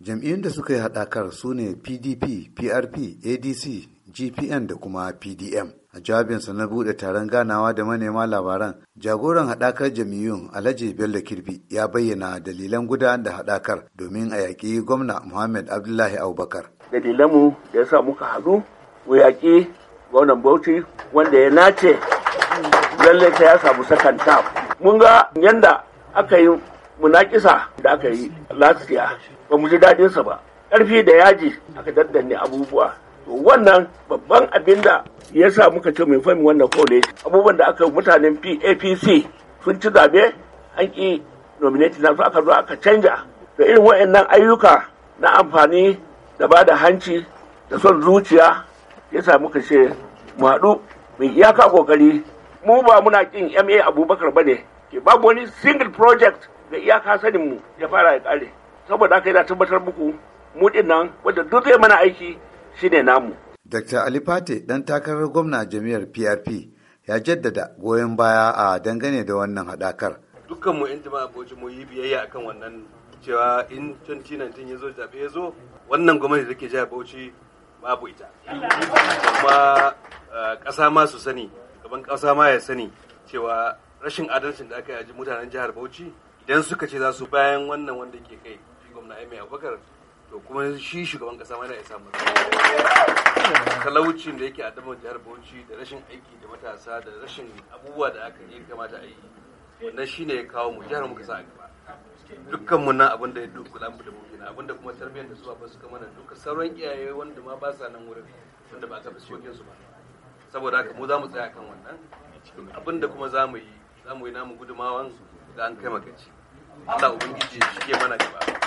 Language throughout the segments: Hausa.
jam'iyyun da suka yi haɗakar su ne pdp prp adc gpn da kuma pdm a jawabinsa na buɗe taron ganawa da manema labaran jagoran haɗakar jam'iyyun alhaji bello kirbi ya bayyana dalilan guda da haɗakar domin a yaƙi gwamna muhammad abdullahi abubakar dalilanmu da ya sa muka haɗu mu yaƙi gwamnan bauchi wanda ya nace lallai ta ya samu sakanta. mun ga yanda aka yi munakisa da aka yi last ba mu ji daɗinsa ba ƙarfi da yaji aka daddanne abubuwa wannan babban abin da ya sa muka ce mai fami wannan coalition abubuwan da aka mutanen apc sun ci zabe an ki nominati na su aka zo aka canja da irin wa'annan ayyuka na amfani da ba da hanci da son zuciya ya sa muka ce mu haɗu mai iyaka kokari mu ba muna kin ma abubakar ba ne Ke babu wani single project ga iyaka sanin mu ya fara ya ƙare saboda aka yi da tabbatar muku mu nan wanda duk zai mana aiki shine namu Dr. Ali Fate dan takarar gwamna jami'ar PRP ya jaddada goyon baya a dangane da wannan hadakar. Dukkan mu in jama'a boji mu yi biyayya akan wannan cewa in 2019 ya zo zabe ya zo wannan gwamnati da ke jihar Bauchi babu ita. Amma eh, ƙasa ma su sani, gaban ƙasa ma ya sani cewa rashin adalcin da aka yi a mutanen jihar Bauchi idan suka ce za su bayan wannan wanda ke kai gwamna Amy Abubakar to kuma shi shugaban kasa ma yana isa masa talaucin da yake addabar jihar Bauchi da rashin aiki da matasa da rashin abubuwa da aka yi kamata a yi wannan shine ya kawo mu jihar mu kasa a gaba dukkan mu nan abin da ya duk mu da mu kenan abin da kuma tarbiyyar da su ba su kama nan duka sauran iyaye wanda ma ba sa nan wurin wanda ba ka fuskokin su ba saboda haka mu za mu tsaya kan wannan abin da kuma za mu yi za mu yi namu gudumawan da an kai makaci. Allah ubangiji shi ke mana gaba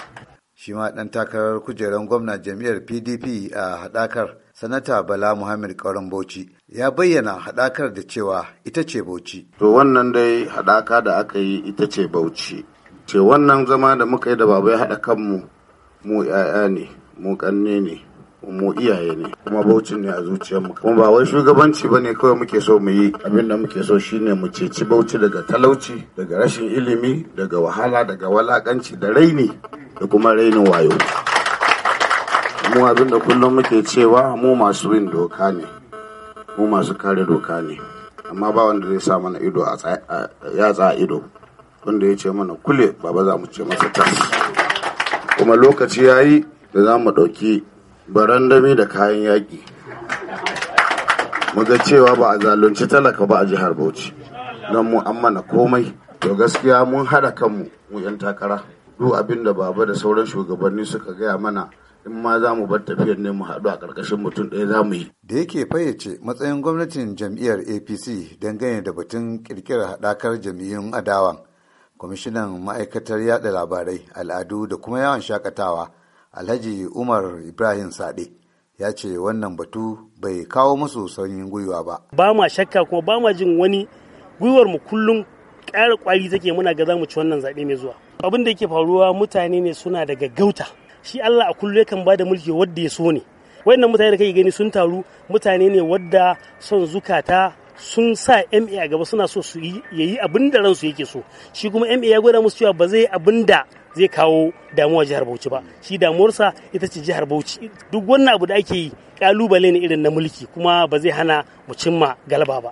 shi ma ɗan takarar kujerar gwamna jam'iyyar pdp a haɗakar sanata bala muhammad ƙauran bauchi ya bayyana haɗakar da cewa ita ce bauchi to wannan dai haɗaka da aka yi ita ce bauchi ce wannan zama da muka yi da babai haɗa kanmu mu 'ya'ya ne mu ƙanne ne mu iyaye ne kuma baucin ne a zuciyarmu kuma ba wai shugabanci ba ne kawai muke so mu yi abin da muke so shine mu ceci bauchi daga talauci daga rashin ilimi daga wahala daga walakanci da raini da kuma rainin wayo mu abin da kullum muke cewa mu masu bin doka ne mu masu kare doka ne amma ba wanda zai sa mana ido a yatsa a ido wanda ya ce mana kule baba za mu ce masa tas kuma lokaci ya yi da za mu ɗauki barandami da kayan yaƙi mu ga cewa ba a zalunci talaka ba a jihar bauchi don mu an mana komai to gaskiya mun haɗa kanmu mu 'yan takara duk abin da baba da sauran shugabanni suka gaya mana in ma za mu bar tafiyar ne mu haɗu a ƙarƙashin mutum ɗaya za mu yi. Da yake fayyace matsayin gwamnatin jam'iyyar APC dangane da batun ƙirƙirar haɗakar jam'iyyun adawan. Kwamishinan ma'aikatar yaɗa labarai, al'adu da kuma yawan shakatawa, Alhaji Umar Ibrahim Sade. ya ce wannan batu bai kawo musu sanyin gwiwa ba. Ba ma shakka kuma ba ma jin wani gwiwar mu kullum ƙara ƙwari take muna ga za mu ci wannan zaɓe mai zuwa abin da yake faruwa mutane ne suna daga gauta shi Allah a kullum yakan bada mulki wadda ya so ne wayannan mutane da kake gani sun taru mutane ne wadda son zukata sun sa MA a gaba suna so su yi yayi abin da ransu yake so shi kuma MA ya gwada musu cewa ba zai abin da zai kawo damuwa jihar Bauchi ba shi damuwarsa ita ce jihar Bauchi duk wannan abu da ake yi kalubale ne irin na mulki kuma ba zai hana mu cimma galaba ba